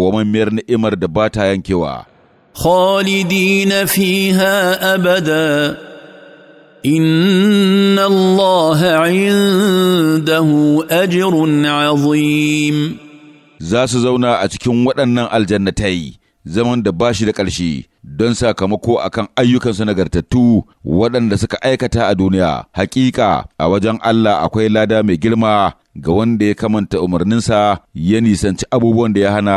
miyar ni'imar da ba ta yankewa. fi ha abada, inna Allah indahu ajrun azim. Za su zauna a cikin waɗannan aljannatai, zaman da ba shi da ƙarshe, don sakamako akan ayyukansu nagartattu waɗanda suka aikata a duniya. Hakika, a wajen Allah akwai lada mai girma ga wanda ya kamanta umarninsa ya nisanci abubuwan da ya hana.